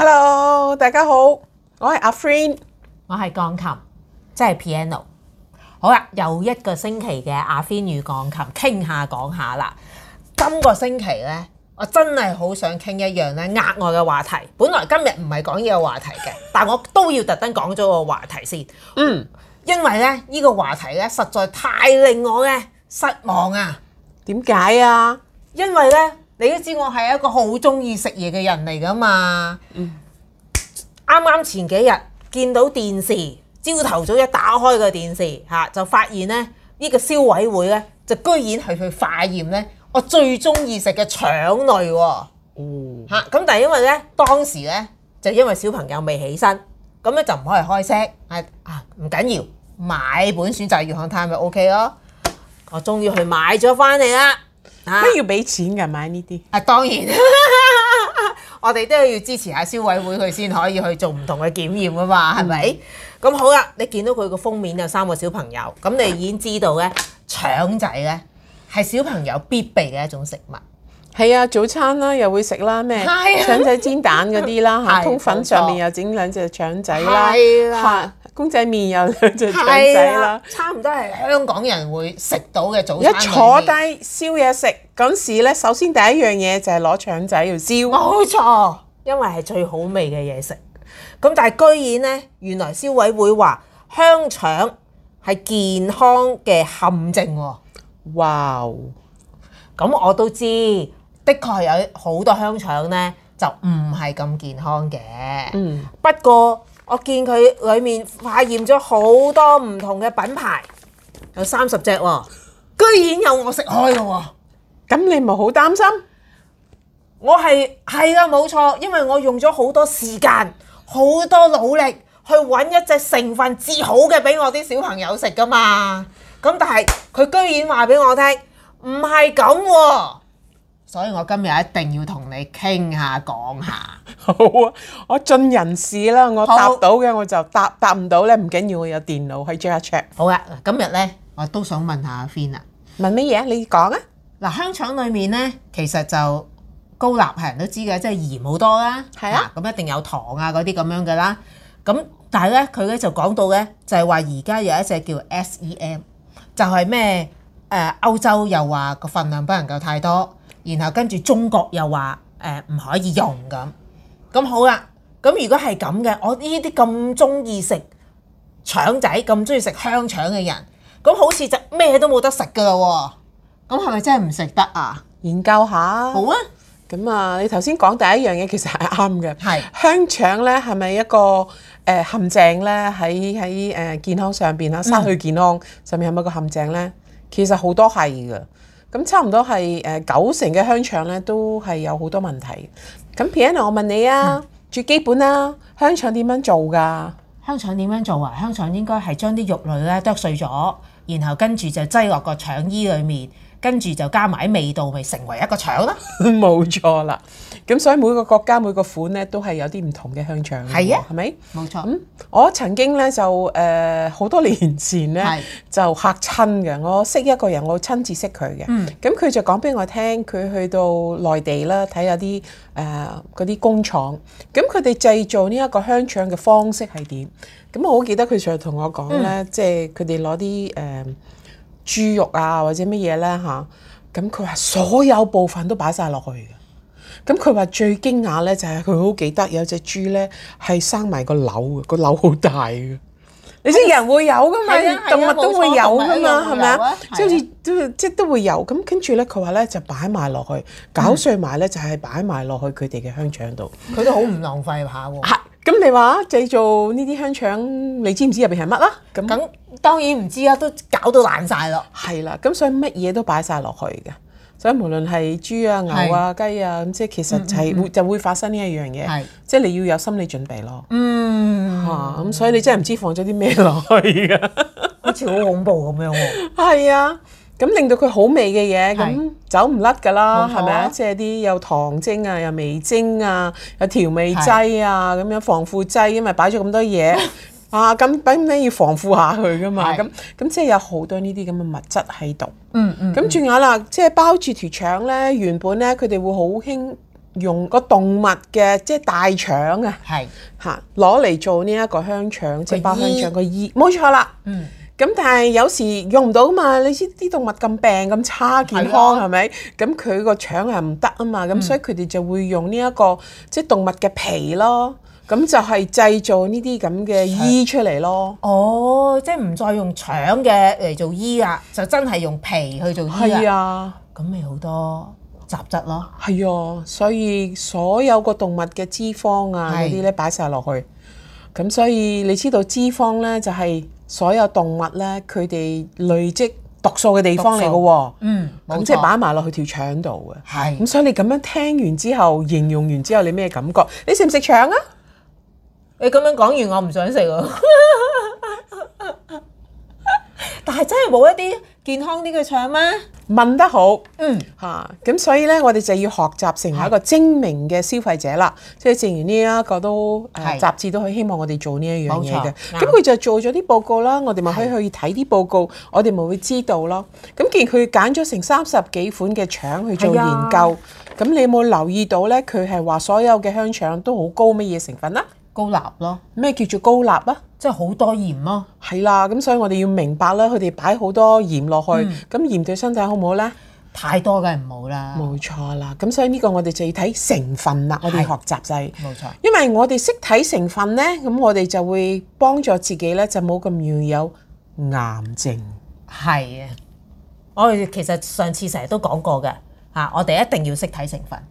Hello，大家好，我係阿 Fin，我係鋼琴，即係 piano。好啦，又一個星期嘅阿 Fin 與鋼琴傾下講下啦。今個星期呢，我真係好想傾一樣咧額外嘅話題。本來今日唔係講呢個話題嘅， 但我都要特登講咗個話題先。嗯，因為咧呢、呢個話題呢，實在太令我咧失望啊。點解啊？因為呢……你都知我係一個好中意食嘢嘅人嚟噶嘛？嗯，啱啱前幾日見到電視，朝頭早一打開個電視嚇，就發現咧呢、呢個消委會呢，就居然係去化驗呢我最中意食嘅腸類喎、啊。哦，咁！但係因為呢，當時呢，就因為小朋友未起身，咁咧就唔可以開聲。係啊，唔緊要，買本《選擇魚香湯》咪 O K 咯。我終於去買咗翻嚟啦。都、啊、要俾錢噶買呢啲，啊當然， 我哋都要支持下消委會佢先可以去做唔同嘅檢驗噶嘛，係、嗯、咪？咁、嗯、好啦，你見到佢個封面有三個小朋友，咁你已經知道咧、嗯，腸仔咧係小朋友必備嘅一種食物。係啊，早餐啦又會食啦咩、啊，腸仔煎蛋嗰啲啦嚇、啊啊啊，通粉上面又整兩隻腸仔啦嚇。公仔麪有兩隻腸仔啦、啊，差唔多係香港人會食到嘅早餐，一坐低燒嘢食嗰時呢，首先第一樣嘢就係攞腸仔要燒。冇錯，因為係最好味嘅嘢食物。咁但係居然呢，原來消委會話香腸係健康嘅陷阱喎。哇！咁我都知道，的確係有好多香腸呢就唔係咁健康嘅。嗯，不過。我見佢裏面化驗咗好多唔同嘅品牌，有三十隻喎，居然有我食開嘅喎。咁你唔係好擔心？我係，係呀，冇錯，因為我用咗好多時間、好多努力去揾一隻成分至好嘅俾我啲小朋友食㗎嘛。咁但係佢居然話俾我聽，唔係咁喎。所以我今日一定要同你傾下講下。好啊，我盡人事啦，我答到嘅我就答，答唔到咧唔緊要，我有電腦可以 check check。好啊，今日咧我都想問一下 Finn 啊，問咩嘢？你講啊。嗱，香腸裡面咧其實就高鈉係人都知嘅，即係鹽好多啦。係啊。咁、啊、一定有糖啊嗰啲咁樣嘅啦。咁但係咧佢咧就講到咧就係話而家有一隻叫 SEM，就係咩？誒、呃、歐洲又話個份量不能夠太多。然後跟住中國又話誒唔可以用咁，咁好啊！咁如果係咁嘅，我呢啲咁中意食腸仔，咁中意食香腸嘅人，咁好似就咩都冇得食噶喎！咁係咪真係唔食得啊？研究下好啊！咁啊，你頭先講第一樣嘢其實係啱嘅，係香腸咧係咪一個誒陷阱咧？喺喺誒健康上邊啊，失去健康上面係咪、嗯、一個陷阱咧？其實好多係嘅。咁差唔多係、呃、九成嘅香腸咧，都係有好多問題。咁 Piano，我問你啊，最、嗯、基本啦、啊，香腸點樣做噶？香腸點樣做啊？香腸應該係將啲肉類咧剁碎咗，然後跟住就擠落個腸衣裏面。跟住就加埋味道，咪成為一個腸啦。冇錯啦，咁所以每個國家每個款咧，都係有啲唔同嘅香腸。係啊，係咪？冇錯、嗯。我曾經咧就誒好、呃、多年前咧，就嚇親嘅。我識一個人，我親自識佢嘅。咁、嗯、佢就講俾我聽，佢去到內地啦，睇下啲誒嗰啲工廠。咁佢哋製造呢一個香腸嘅方式係點？咁我好記得佢上日同我講咧，即係佢哋攞啲誒，就是豬肉啊或者乜嘢咧吓，咁佢話所有部分都擺晒落去嘅。咁佢話最驚訝咧就係佢好記得有隻豬咧係生埋個瘤，個瘤好大嘅。你知人會有噶嘛，動物都會有噶嘛，係咪啊？即係都即都會有。咁跟住咧，佢話咧就擺埋落去，攪碎埋咧就係擺埋落去佢哋嘅香腸度，佢、嗯、都好唔浪費下喎。啊咁你話製造呢啲香腸，你知唔知入邊係乜啦？咁當然唔知啊，都搞到爛晒咯。係啦，咁所以乜嘢都擺晒落去嘅，所以無論係豬啊、牛啊、雞啊，咁即係其實、就係、嗯嗯嗯就會發生呢一樣嘢，即係你要有心理準備咯。嗯，嗯，吓，咁所以你真係唔知放咗啲咩落去㗎。 好似好恐怖咁樣喎。係啊。咁令到佢好味嘅嘢，咁走唔甩噶啦，係咪啊？即係啲有糖精啊，有味精啊，有調味劑啊，咁樣防腐劑，因為擺咗咁多嘢 啊，咁唔咧要防腐下佢噶嘛，咁咁即係有好多呢啲咁嘅物質喺度。嗯嗯。咁轉有啦，即、嗯、係包住條腸咧，原本咧佢哋會好興用個動物嘅即係大腸啊。係。吓！攞嚟做呢一個香腸，即、呃、係、就是、包香腸個衣，冇錯啦。嗯。咁但係有時用唔到啊嘛！你知啲動物咁病咁差健康係咪？咁佢個腸係唔得啊嘛！咁、嗯、所以佢哋就會用呢、這、一個即係、就是、動物嘅皮咯。咁就係製造呢啲咁嘅醫出嚟咯。哦，即係唔再用腸嘅嚟做醫啊，就真係用皮去做醫啊。咁咪好多雜質咯。係啊，所以所有個動物嘅脂肪啊嗰啲咧，擺晒落去。咁所以你知道脂肪咧就係、是。所有動物咧，佢哋累積毒素嘅地方嚟嘅喎，嗯，咁即係擺埋落去條腸度嘅，係，咁所以你咁樣聽完之後，形容完之後，你咩感覺？你食唔食腸啊？你咁樣講完，我唔想食喎， 但係真係冇一啲健康啲嘅腸咩？問得好，嗯嚇，咁、啊、所以咧，我哋就要學習成為一個精明嘅消費者啦。即係正如呢一個都誒、啊、雜誌都好希望我哋做呢一樣嘢嘅，咁佢就做咗啲報告啦。我哋咪可以去睇啲報告，我哋咪會知道咯。咁既然佢揀咗成三十幾款嘅腸去做研究，咁、啊、你有冇留意到咧？佢係話所有嘅香腸都好高乜嘢成分啊？高鈉咯。咩叫做高鈉啊？即係好多鹽咯、啊，係啦，咁所以我哋要明白啦，佢哋擺好多鹽落去，咁、嗯、鹽對身體好唔好呢？太多梗係唔好啦，冇錯啦，咁所以呢個我哋就要睇成分啦，我哋學習就冇錯，因為我哋識睇成分呢，咁我哋就會幫助自己呢，就冇咁容易有癌症。係啊，我哋其實上次成日都講過嘅，我哋一定要識睇成分。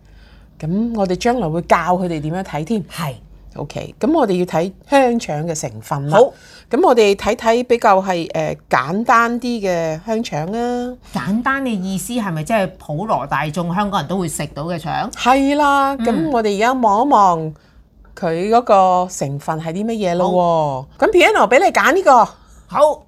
咁我哋將來會教佢哋點樣睇添，係。O K，咁我哋要睇香腸嘅成分啦。好，咁我哋睇睇比較係誒簡單啲嘅香腸啊。簡單嘅意思係咪即係普羅大眾香港人都會食到嘅腸？係啦，咁、嗯、我哋而家望一望佢嗰個成分係啲乜嘢咯？喎，咁 Piano 俾你揀呢、這個好，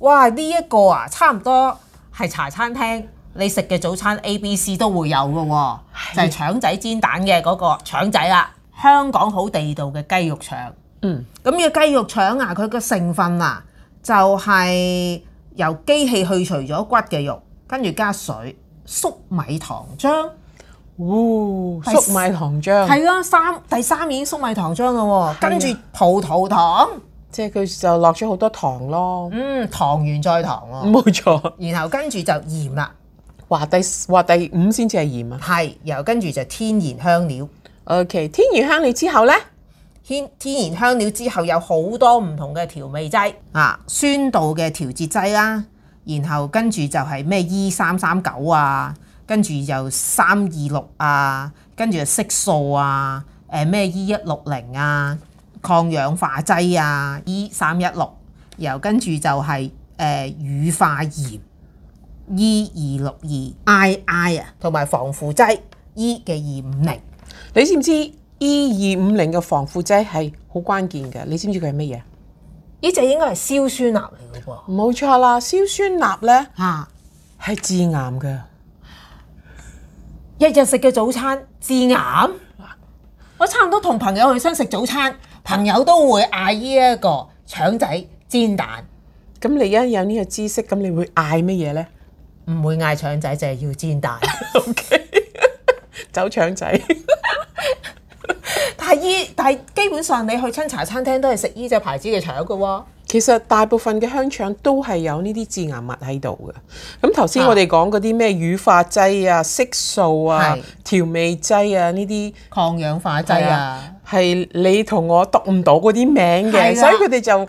哇！呢、這、一個啊，差唔多係茶餐廳你食嘅早餐 A B C 都會有㗎喎，就係、是、腸仔煎蛋嘅嗰個腸仔啦。香港好地道嘅雞肉腸，嗯，咁呢個雞肉腸啊，佢個成分啊，就係、是、由機器去除咗骨嘅肉，跟住加水、粟米糖漿，哦，粟米糖漿，係咯，三第三面已經粟米糖漿嘅喎，跟住葡萄糖，即係佢就落咗好多糖咯，嗯，糖完再糖喎，冇錯，然後跟住就鹽啦，話，第話第五先至係鹽啊，係，然後跟住就天然香料。誒，其天然香料之後呢，天，天然香料之後有好多唔同嘅調味劑啊，酸度嘅調節劑啦，然後跟住就係咩 E 三三九啊，跟住又三二六啊，跟住色素啊，誒咩 E 一六零啊，抗氧化劑啊，E 三一六，E-316，然後跟住就係、是、誒、呃、乳化鹽 E 二六二 I I 啊，同埋防腐劑 E 嘅二五零。E-250。你知唔知 E 二五零嘅防腐劑係好關鍵嘅？你知唔知佢係乜嘢？該呢隻應該係硝酸鈉嚟嘅。冇錯啦，硝酸鈉咧吓，係致癌嘅。一日日食嘅早餐致癌？啊、我差唔多同朋友去親食早餐，朋友都會嗌呢一個腸仔煎蛋。咁你一有呢個知識，咁你會嗌乜嘢咧？唔會嗌腸仔，就係、是、要煎蛋。 o、okay, K，走腸仔。但係基本上你去親茶餐廳都係食呢隻牌子嘅腸嘅喎。其實大部分嘅香腸都係有呢啲致癌物喺度嘅。咁頭先我哋講嗰啲咩乳化劑啊、色素啊、調味劑啊呢啲抗氧化劑啊，係你同我讀唔到嗰啲名嘅，所以佢哋就，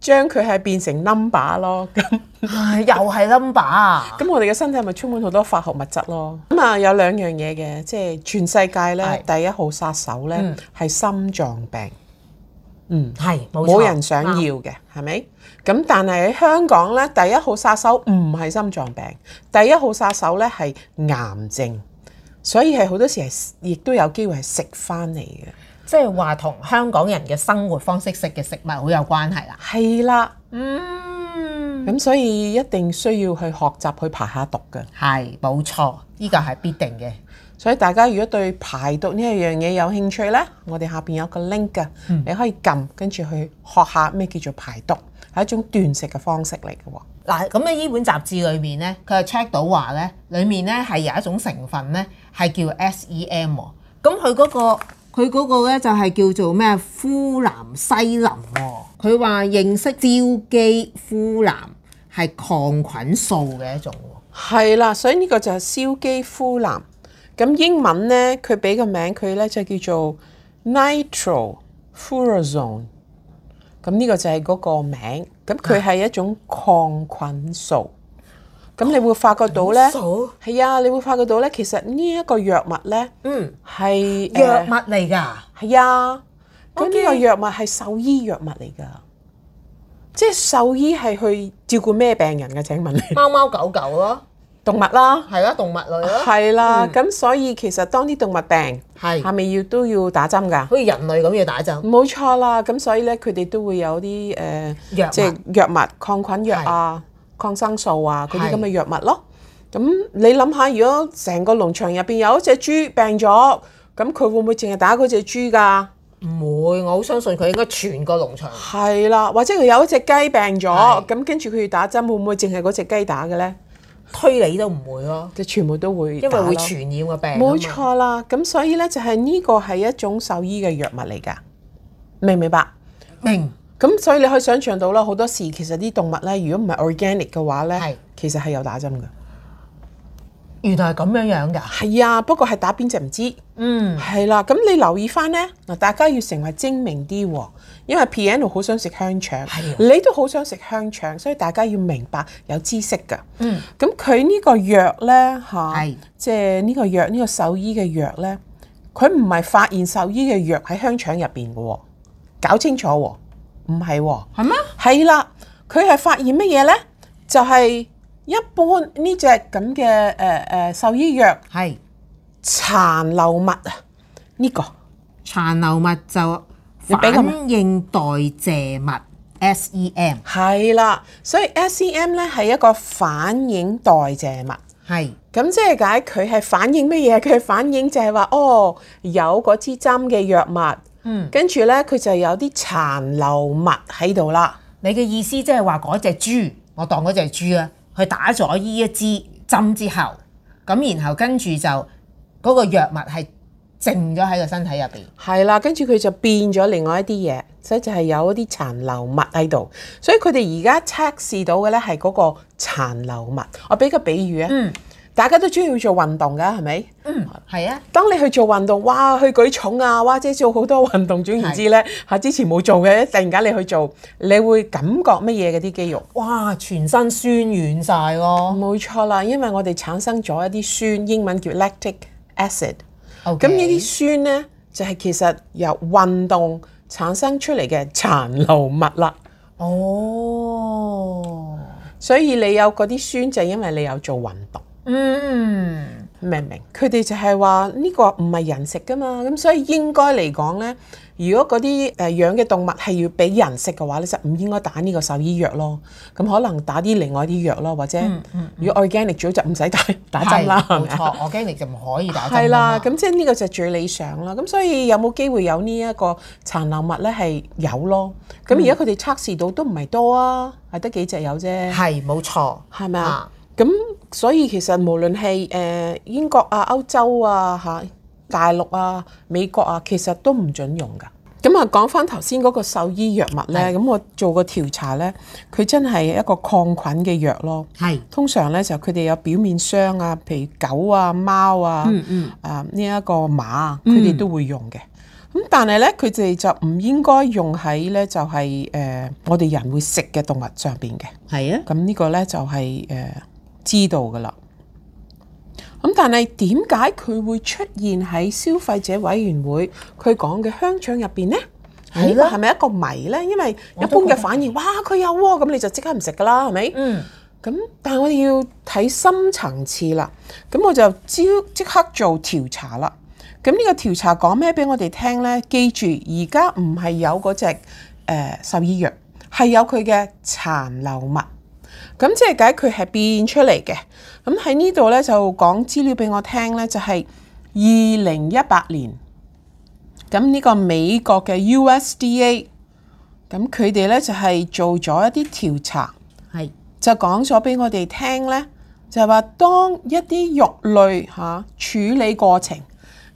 將佢係變成 number 咯，咁 又係 number。咁我哋嘅身體咪充滿好多化學物質咯？咁啊有兩樣嘢嘅，即係全世界咧第一號殺手咧係心臟病，嗯係冇冇人想要嘅，係咪？咁但係喺香港咧第一號殺手唔係心臟病，第一號殺手咧係癌症，所以係好多時係亦都有機會係食翻嚟嘅。即係話同香港人嘅生活方式食嘅食物好有關係啦、啊。係啦，嗯，咁所以一定需要去學習去排下毒嘅。係，冇錯，呢、這個係必定嘅。所以大家如果對排毒呢一樣嘢有興趣呢，我哋下邊有個 link 嘅、嗯，你可以撳跟住去學下咩叫做排毒係一種斷食嘅方式嚟嘅喎。嗱，咁喺呢本雜誌裏面呢，佢係 check 到話呢，裏面呢係有一種成分呢，係叫 SEM。咁佢、那、嗰個。佢嗰個咧就係叫做咩？呋喃西林喎，佢話認識硝基呋喃係抗菌素嘅一種喎。係、嗯、啦，所以呢個就係硝基呋喃。咁英文咧，佢俾個名佢咧就叫做 nitrofurazone。咁呢個就係嗰個名。咁佢係一種抗菌素。咁你會發覺到咧？係、哦、啊，你會發覺到咧，其實呢一個藥物咧，嗯，係、呃、藥物嚟㗎。係啊，咁呢、這個藥物係獸醫藥物嚟㗎。即係獸醫係去照顧咩病人㗎？請問？貓貓狗狗咯、啊，動物啦、啊，係啦，動物類咯、啊。係啦，咁、嗯、所以其實當啲動物病係，係咪要都要打針㗎？好似人類咁要打針。冇錯啦，咁所以咧，佢哋都會有啲誒，即係藥物，就是、藥物抗菌藥啊。抗生素啊，嗰啲咁嘅藥物咯。咁你諗下，如果成個農場入邊有一隻豬病咗，咁佢會唔會淨係打嗰隻豬噶？唔會，我好相信佢應該全個農場。係啦，或者佢有一隻雞病咗，咁跟住佢要打針，會唔會淨係嗰隻雞打嘅呢？推理都唔會咯、啊，即係全部都會，因為會傳染個病、啊。冇錯啦，咁所以呢，就係呢個係一種獸醫嘅藥物嚟噶，明唔明白？明。咁所以你可以想象到啦，好多時其實啲動物咧，如果唔係 organic 嘅話咧，其實係有打針嘅。原來係咁樣樣嘅，係啊。不過係打邊隻唔知，嗯，係啦、啊。咁你留意翻咧嗱，大家要成為精明啲喎，因為 Piano 好想食香腸，啊、你都好想食香腸，所以大家要明白有知識噶。嗯，咁佢呢個藥咧嚇，即係呢個藥呢、啊就是、個獸醫嘅藥咧，佢唔係發現獸醫嘅藥喺香腸入邊嘅，搞清楚喎。唔係喎，係咩？係啦，佢係發現乜嘢咧？就係、是、一般呢隻咁嘅誒誒獸醫藥係殘留物啊！呢、這個殘留物就反應代謝物 S E M 係啦，所以 S E M 咧係一個反應代謝物。係咁即係解佢係反應乜嘢？佢反應就係話哦，有嗰支針嘅藥物。嗯，跟住咧，佢就有啲殘留物喺度啦。你嘅意思即係話嗰隻豬，我當嗰隻豬啦，啊，佢打咗呢一支針之後，咁然後跟住就嗰、嗰個藥物係剩咗喺個身體入邊。係啦，跟住佢就變咗另外一啲嘢，所以就係有一啲殘留物喺度。所以佢哋而家測試到嘅咧係嗰個殘留物。我俾個比喻啊。嗯大家都中意做運動㗎，係咪？嗯，係啊。當你去做運動，哇，去舉重啊，或者做好多運動，總言之咧，嚇之前冇做嘅，突然間你去做，你會感覺乜嘢嗰啲肌肉？哇，全身酸軟晒咯！冇錯啦，因為我哋產生咗一啲酸，英文叫 lactic acid。咁、okay、呢啲酸咧，就係、是、其實由運動產生出嚟嘅殘留物啦。哦，所以你有嗰啲酸，就係、因為你有做運動。嗯，明唔明？佢哋就係話呢個唔係人食㗎嘛，咁所以應該嚟講咧，如果嗰啲誒養嘅動物係要俾人食嘅話咧，就唔應該打呢個獸醫藥咯。咁可能打啲另外啲藥咯，或者、嗯嗯嗯、如果 organic 就就唔使打打針啦。冇錯，organic 就唔可以打針。係啦，咁即係呢個就最理想啦。咁所以有冇機會有呢一個殘留物咧？係有咯。咁而家佢哋測試到都唔係多啊，係得幾隻有啫。係，冇錯。係咪啊？咁所以其實無論係誒英國啊、歐洲啊、嚇大陸啊、美國啊，其實都唔準用噶。咁啊，講返頭先嗰個獸醫藥物咧，咁我做個調查咧，佢真係一個抗菌嘅藥咯。係，通常咧就佢哋有表面霜啊，譬如狗啊、貓啊，嗯，嗯啊呢一、這個馬，佢哋都會用嘅。咁、嗯、但係咧，佢哋就唔應該用喺咧就係、是、誒、呃、我哋人會食嘅動物上面嘅。係啊，咁呢個咧就係、是、誒。呃知道噶啦，咁、嗯、但係點解佢會出現喺消費者委員會佢講嘅香腸入邊呢？呢個係咪一個謎呢？因為一般嘅反應，哇佢有喎、啊，咁你就即刻唔食噶啦，係咪？嗯，咁、嗯、但係我哋要睇深層次啦，咁我就即即刻做調查啦。咁呢個調查講咩俾我哋聽呢？記住，而家唔係有嗰隻誒獸醫藥，係有佢嘅殘留物。咁即係解決係變出嚟嘅，咁喺呢度咧就講資料俾我聽咧，就係二零一八年，咁呢個美國嘅 USDA，咁佢哋咧就係做咗一啲調查，係就講咗俾我哋聽咧，就係話當一啲肉類嚇、啊、處理過程。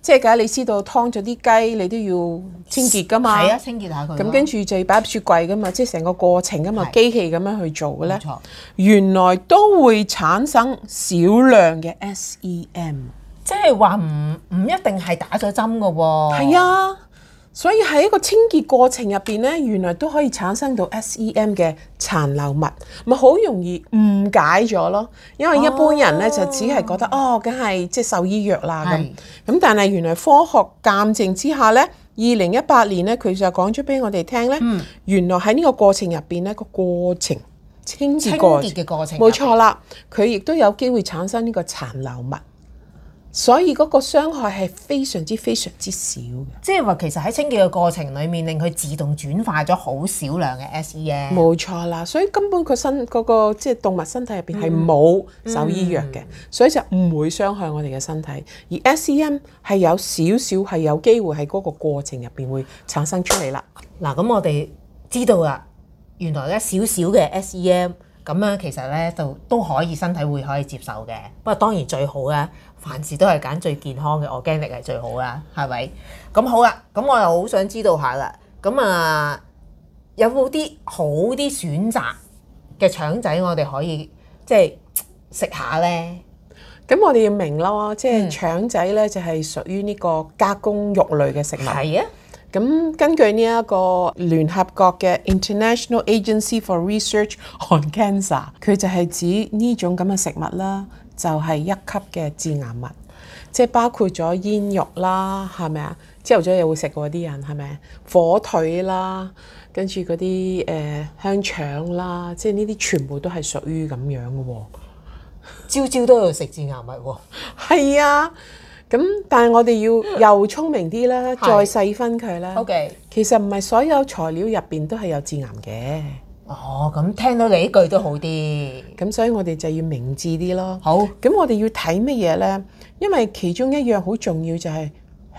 即係，假如你知道劏咗啲雞，你都要清潔噶嘛？係啊，清潔下佢。咁跟住就要擺入雪櫃噶嘛，即係成個過程噶嘛的，機器咁樣去做嘅咧。冇錯，原來都會產生少量嘅 SEM，即係話唔唔一定係打咗針噶喎。係啊。所以喺一個清潔過程入邊咧，原來都可以產生到 SEM 嘅殘留物，咪好容易誤解咗咯。因為一般人咧就只係覺得哦，梗、哦、係即係獸醫藥啦咁。咁但係原來科學鑑證之下咧，二零一八年咧佢就講咗俾我哋聽咧，原來喺呢個過程入邊咧，個過程清潔嘅過程，冇錯啦，佢亦都有機會產生呢個殘留物。所以嗰個傷害係非常之非常之少嘅，即係話其實喺清潔嘅過程裏面，令佢自動轉化咗好少量嘅 SEM。冇錯啦，所以根本佢身嗰、那個即係、就是、動物身體入邊係冇獸醫藥嘅、嗯嗯，所以就唔會傷害我哋嘅身體。嗯、而 SEM 係有少少係有機會喺嗰個過程入邊會產生出嚟啦。嗱，咁我哋知道啦，原來咧少少嘅 SEM。咁啊，其實咧就都可以身體會可以接受嘅，不過當然最好啦。凡事都係揀最健康嘅，我經歷係最好啦，係咪？咁好啦，咁我又好想知道一下啦。咁啊，有冇啲好啲選擇嘅腸仔我哋可以即係食下咧？咁我哋要明咯，即係腸仔咧就係屬於呢個加工肉類嘅食物，嗯，係啊。咁根據呢一個聯合國嘅 International Agency for Research on Cancer，佢就係指呢種咁嘅食物啦，就係一級嘅致癌物，即係包括咗煙肉啦，係咪啊？朝頭早有會食過啲人係咪？火腿啦，跟住嗰啲誒香腸啦，即係呢啲全部都係屬於咁樣嘅喎，朝朝都有食致癌物喎，係啊！咁，但係我哋要又聰明啲啦，再細分佢啦。OK，其實唔係所有材料入邊都係有致癌嘅。哦，咁聽到你呢句都好啲。咁所以我哋就要明智啲咯。好，咁我哋要睇乜嘢咧？因為其中一樣好重要就係、是、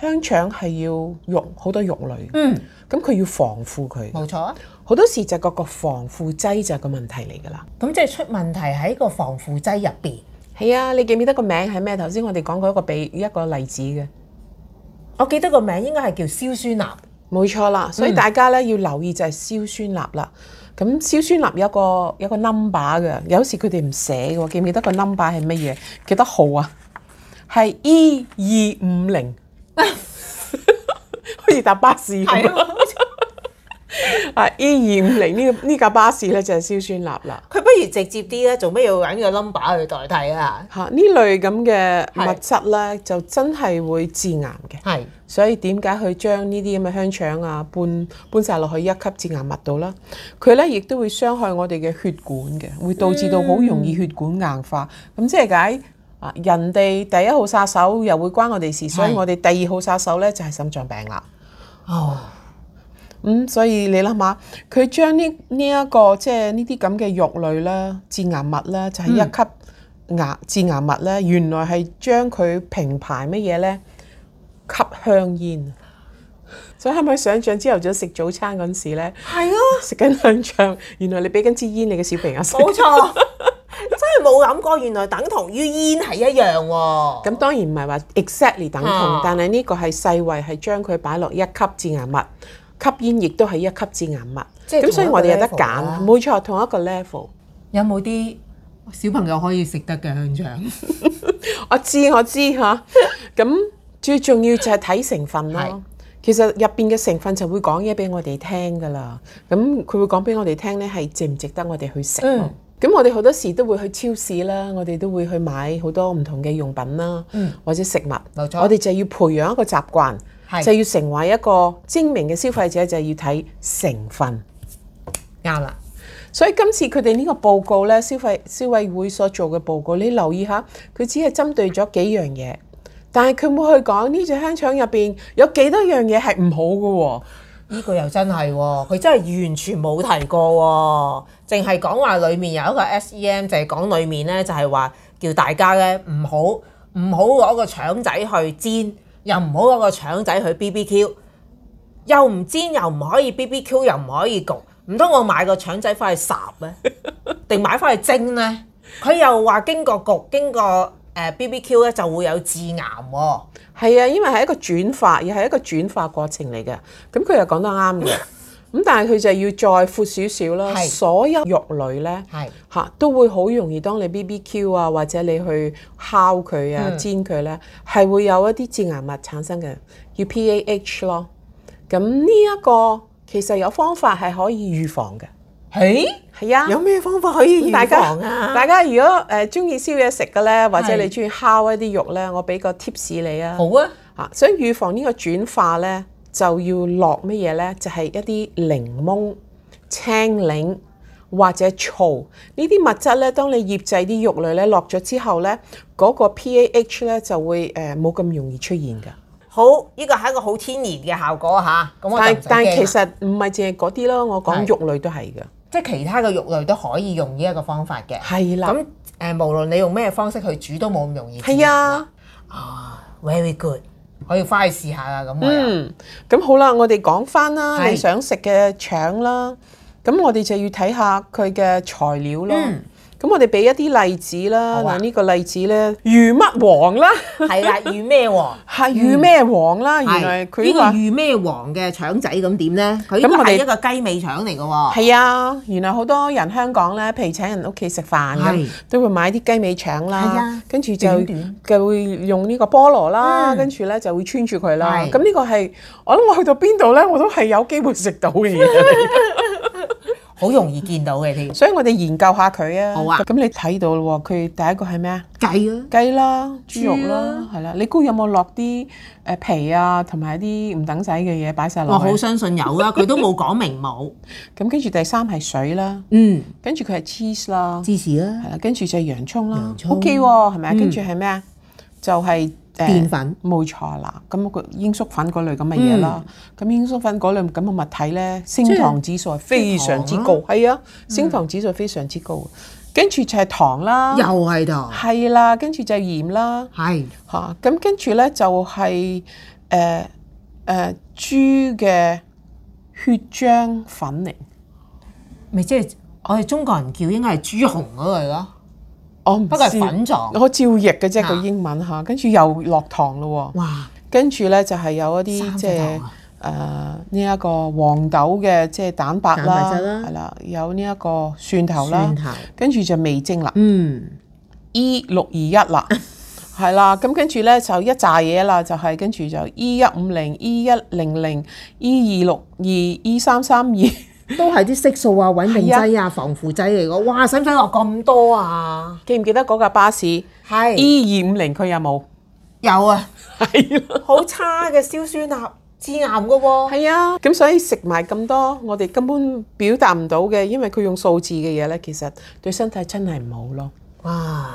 香腸係要肉好多肉類。嗯，咁佢要防腐佢。冇錯啊，好多時就個個防腐劑就係個問題嚟㗎喇。咁即係出問題喺個防腐劑入邊。係啊，你記唔記得個名係咩？頭先我哋講過一個比一個例子嘅，我記得個名應該係叫硝酸鈉，冇錯啦。所以大家呢、嗯、要留意就係硝酸鈉啦。咁硝酸鈉有一個有一個 number 嘅，有時佢哋唔寫嘅，記唔記得個 number 係乜嘢？幾多號啊，係 E 二五零， 好似搭巴士咁。 啊！E 二五零呢？呢架巴士咧就係硝酸鈉啦。佢不如直接啲啦，做咩要搵個 number 去代替啊？吓呢類咁嘅物質咧，就真係會致癌嘅。係，所以點解去將呢啲咁嘅香腸啊，搬搬晒落去一級致癌物度啦？佢咧亦都會傷害我哋嘅血管嘅，會導致到好容易血管硬化。咁即係解啊，人哋第一號殺手又會關我哋事，所以我哋第二號殺手咧就係、是、心臟病啦。哦。咁、嗯、所以你諗下，佢將呢呢一個即係呢啲咁嘅肉類啦、致癌物啦，就係、是、一級癌致癌物咧。原來係將佢平排乜嘢咧？吸香煙， 所以係咪想象朝頭早食早餐嗰陣時咧？係咯、啊，食緊香腸，原來你俾緊支煙，你嘅小朋友。冇錯， 真係冇諗過，原來等同於煙係一樣、哦。咁當然唔係話 exactly 等同，是啊、但係呢個係世衛係將佢擺落一級致癌物。吸煙亦都係一級致癌物，咁所以我哋有得揀，冇、啊、錯，同一個 level。有冇啲小朋友可以食得嘅香腸？我知我知吓，咁 最重要就係睇成分咯。其實入邊嘅成分就會講嘢俾我哋聽噶啦。咁佢會講俾我哋聽呢係值唔值得我哋去食？咁、嗯、我哋好多時都會去超市啦，我哋都會去買好多唔同嘅用品啦、嗯，或者食物。我哋就要培養一個習慣。就要成為一個精明嘅消費者，就要睇成分啱啦。所以今次佢哋呢個報告咧，消費消委會所做嘅報告，你留意下，佢只係針對咗幾樣嘢，但係佢冇去講呢隻香腸入邊有幾多樣嘢係唔好嘅喎。呢個又真係喎，佢真係完全冇提過喎，淨係講話裡面有一個 SEM，就係講裡面呢，就係話叫大家呢，唔好唔好攞個腸仔去煎。又唔好攞個腸仔去 BBQ，又唔煎又唔可以 BBQ，又唔可以焗。唔通我買個腸仔翻去烚咩？定買翻去蒸呢？佢又話經過焗、經過誒 BBQ 咧就會有致癌喎。係啊，因為係一個轉化，而係一個轉化過程嚟嘅。咁佢又講得啱嘅。 咁但係佢就要再闊少少啦，所有肉類咧吓都會好容易，當你 B B Q 啊，或者你去烤佢啊、嗯、煎佢咧，係會有一啲致癌物產生嘅，叫 P A H 咯。咁呢一個其實有方法係可以預防嘅。誒，係啊，有咩方法可以預防啊？大家如果誒中意燒嘢食嘅咧，或者你中意烤一啲肉咧，我俾個 tips 你啊。好啊，啊想預防呢個轉化咧。就要落乜嘢呢？就係、是、一啲檸檬、青檸或者醋呢啲物質呢，當你醃製啲肉類咧落咗之後呢，嗰、那個 PAH 呢就會誒冇咁容易出現㗎、嗯。好，呢個係一個好天然嘅效果吓。咁、啊，但但，但其實唔係淨係嗰啲咯。我講肉類都係㗎，即係其他嘅肉類都可以用呢一個方法嘅。係啦。咁誒、呃，無論你用咩方式去煮都冇咁容易的。係啊。啊、oh，very good。可以翻去試下啦，咁樣。嗯，咁好啦，我哋講翻啦，你想食嘅腸啦，咁我哋就要睇下佢嘅材料咯。嗯咁我哋俾一啲例子啦，嗱呢、啊這個例子咧，魚乜王啦，係啦、啊，魚咩王係 魚咩王啦？嗯、原來佢呢個魚咩王嘅腸仔咁點咧？佢呢個係一個雞尾腸嚟嘅喎。係啊，原來好多人香港咧，譬如請人屋企食飯咁，都會買啲雞尾腸啦，啊、跟住就就會用呢個菠蘿啦，嗯、跟住咧就會穿住佢啦。咁呢個係我諗我去到邊度咧，我都係有機會食到嘅。 好容易見到嘅添，所以我哋研究下佢啊。好啊，咁你睇到咯喎，佢第一個係咩啊？雞咯，雞啦，豬、啊豬啊、肉啦、啊，係啦。你估有冇落啲誒皮啊，同埋啲唔等使嘅嘢擺晒落？我好相信有啦，佢 都冇講明冇。咁跟住第三係水啦、啊，嗯，跟住佢係 cheese 啦，芝士啦，係啦，跟住就係洋葱啦，ok 喎，係咪啊？跟住係咩啊？Okay 啊嗯、就係、是。澱、呃、粉冇錯啦，咁個鷹粟粉嗰類咁嘅嘢啦，咁鷹粟粉嗰類咁嘅物體咧、嗯，升糖指數係非常之高，係、嗯、啊，升糖指數非常之高。跟、嗯、住就係糖啦，又係糖，係啦、啊，跟住就係鹽啦，係嚇，咁跟住咧就係誒誒豬嘅血漿粉嚟，咪即係我哋中國人叫應該係豬紅嗰類咯。嗯我唔知道唔係粉狀，我照譯嘅啫個英文嚇，跟、啊、住又落糖咯喎，跟住咧就係有一啲即係誒呢一個黃豆嘅即係蛋白啦，係、嗯、啦，有呢一個蒜頭啦，跟住就味精啦，嗯，E 六二一啦，係啦，咁跟住咧就一紮嘢啦，就係跟住就 E 一五零 E 一零零 E 二六二 E 三三二。都係啲色素啊、穩定劑啊、防腐劑嚟嘅，哇！使唔使落咁多啊？記唔記得嗰架巴士？係 E 二五零，佢有冇？有啊，係啊，好 差嘅硝酸鈉、啊、致癌嘅喎。係啊，咁、啊、所以食埋咁多，我哋根本表達唔到嘅，因為佢用數字嘅嘢咧，其實對身體真係唔好咯。哇！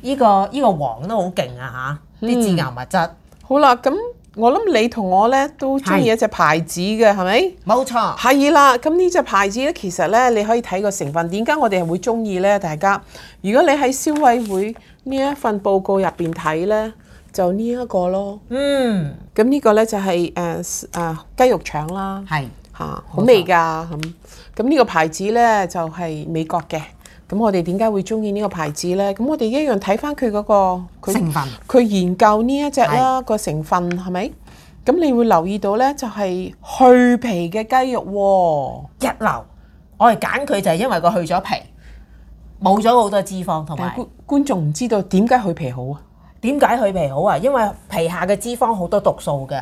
呢、個依、個黃都好勁啊吓，啲、嗯、致癌物質。好啦，咁。我諗你同我咧都中意一隻牌子嘅，係咪？冇錯，係啦。咁呢隻牌子咧，其實咧你可以睇個成分，點解我哋係會中意咧？大家，如果你喺消委會呢一份報告入邊睇咧，就呢一個咯。嗯，咁呢個咧就係誒雞肉腸啦，係、啊、好味㗎咁。咁呢個牌子咧就係美國嘅。咁我哋點解會中意呢個牌子呢？咁我哋一樣睇翻佢嗰個成分，佢研究呢一隻啦個成分係咪？咁你會留意到呢就係、是、去皮嘅雞肉喎，一流。我哋揀佢就係因為佢去咗皮，冇咗好多脂肪同埋。觀眾唔知道點解去皮好啊？點解去皮好啊？因為皮下嘅脂肪好多毒素嘅，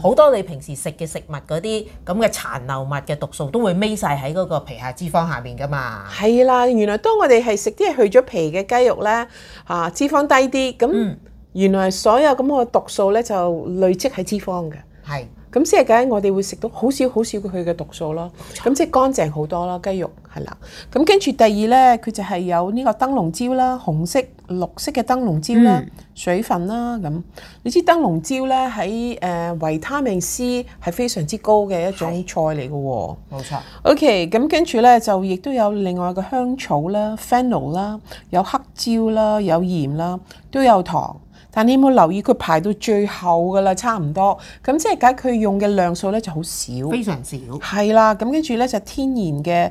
好、嗯、多你平時食嘅食物嗰啲咁嘅殘留物嘅毒素都會孭晒喺嗰個皮下脂肪下面噶嘛。係啦、啊，原來當我哋係食啲去咗皮嘅雞肉咧，嚇、啊、脂肪低啲，咁、嗯、原來所有咁嘅毒素咧就累積喺脂肪嘅。係。咁先係嘅，我哋會食到好少好少佢嘅毒素咯，咁即係乾淨好多啦，雞肉係啦。咁跟住第二咧，佢就係有呢個燈籠椒啦，紅色、綠色嘅燈籠椒啦，嗯、水分啦咁。你知燈籠椒咧喺誒維他命 C 係非常之高嘅一種菜嚟嘅喎。冇錯。OK，咁跟住咧就亦都有另外嘅香草啦、Fennel 啦，有黑椒啦、有鹽啦，都有糖。但你有冇留意佢排到最後嘅啦？差唔多，咁即係解佢用嘅量數咧就好少，非常少。係啦，咁跟住咧就係天然嘅誒、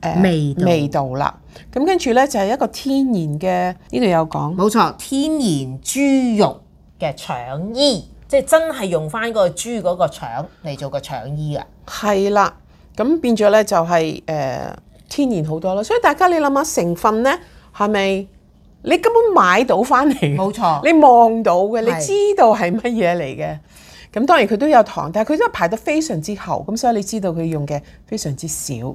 呃、味道啦。咁跟住咧就係一個天然嘅，呢度有講，冇錯，天然豬肉嘅腸衣，即係真係用返個豬嗰個腸嚟做個腸衣啊。係啦，咁變咗咧就係、係、誒、呃、天然好多咯。所以大家你諗下成分咧係咪？是你根本買到翻嚟，冇錯。你望到嘅，你知道係乜嘢嚟嘅。咁當然佢都有糖，但係佢都排得非常之後，咁所以你知道佢用嘅非常之少。咁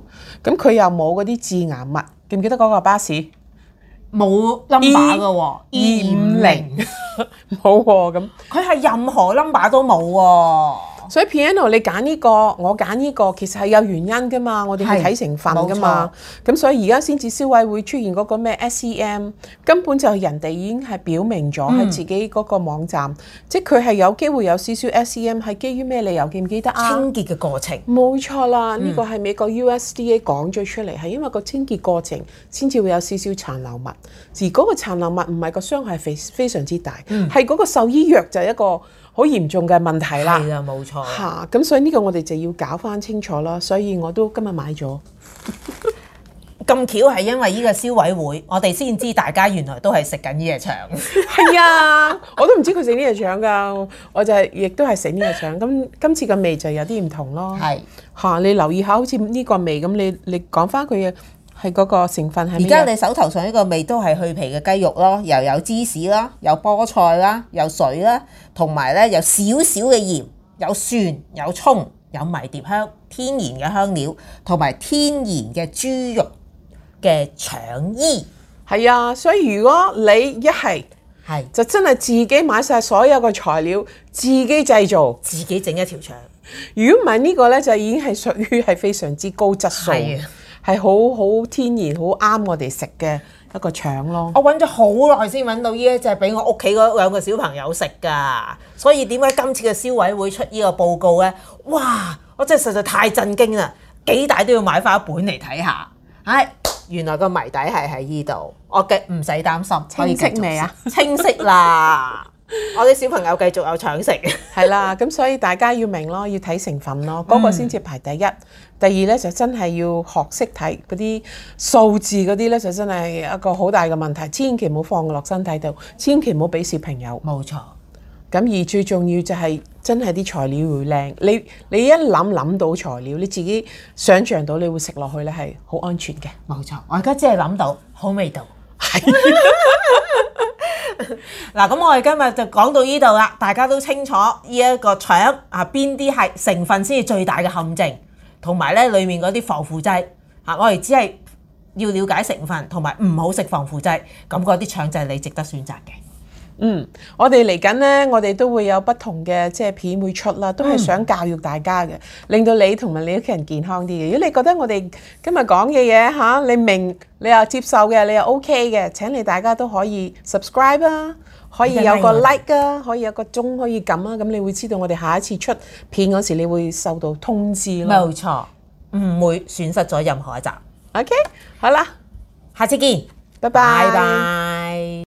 佢又冇嗰啲致癌物，記唔記得嗰個巴士？冇 number 㗎喎，二五零冇喎，咁佢係任何 number 都冇喎。所以 piano 你揀呢個，我揀呢個，其實係有原因噶嘛，我哋係睇成分噶嘛。咁所以而家先至消委會出現嗰個咩 SEM，根本就係人哋已經係表明咗喺自己嗰個網站，嗯、即係佢係有機會有少少 SEM，係基於咩理由記唔記得啊？清潔嘅過程。冇錯啦，呢個係美國 USDA 講咗出嚟，係、嗯、因為個清潔過程先至會有少少殘留物。而嗰個殘留物唔係個傷害非非常之大，係、嗯、嗰個獸醫藥就係一個。好嚴重嘅問題啦，係啊，冇錯嚇。咁所以呢個我哋就要搞翻清楚啦。所以我都今日買咗，咁 巧係因為呢個消委會，我哋先知大家原來都係食緊呢啲腸。係啊，我都唔知佢食呢啲腸噶，我就係、是、亦都係食呢啲腸。咁今次嘅味就有啲唔同咯。係嚇、啊，你留意下，好似呢個味咁，你你講翻佢嘅。係嗰個成分係點樣？而家你手頭上呢個味道都係去皮嘅雞肉咯，又有芝士啦，有菠菜啦，有水啦，同埋咧有少少嘅鹽，有蒜，有蔥，有迷迭香，天然嘅香料，同埋天然嘅豬肉嘅腸衣。係啊，所以如果你一係係就真係自己買晒所有嘅材料，自己製造，自己整一條腸。如果唔係呢個咧，就已經係屬於係非常之高質素。係好好天然，好啱我哋食嘅一個腸咯。我揾咗好耐先揾到呢一隻俾我屋企嗰兩個小朋友食㗎。所以點解今次嘅消委會出呢個報告呢？哇！我真係實在太震驚啦！幾大都要買翻一本嚟睇下。唉、哎，原來個謎底係喺呢度，我嘅唔使擔心，清晰未啊？清晰啦。 我啲小朋友繼續有搶食 對，係啦，咁所以大家要明咯，要睇成分咯，嗰、嗰個先至排第一。嗯、第二呢，就真係要學識睇嗰啲數字嗰啲呢，就真係一個好大嘅問題，千祈唔好放落身體度，千祈唔好俾小朋友。冇錯。咁而最重要就係、係、真係啲材料會靚，你你一諗諗到材料，你自己想像到你會食落去呢係好安全嘅。冇錯，我而家真係諗到好味道。 嗱，咁我哋今日就講到呢度啦。大家都清楚呢一個腸啊，邊啲係成分先係最大嘅陷阱，同埋咧裏面嗰啲防腐劑啊。我哋只係要了解成分，同埋唔好食防腐劑。咁嗰啲腸就係你值得選擇嘅。嗯，我哋嚟緊呢，我哋都會有不同嘅即係片會出啦，都係想教育大家嘅，令到你同埋你屋企人健康啲嘅。如果你覺得我哋今日講嘅嘢嚇你明，你又接受嘅，你又 OK 嘅，請你大家都可以 subscribe 啊，可以有個 like 啊，可以有個鐘可以撳啊，咁你會知道我哋下一次出片嗰時，你會受到通知咯。冇錯，唔會損失咗任何一集。OK，好啦，下次見，拜拜。Bye bye。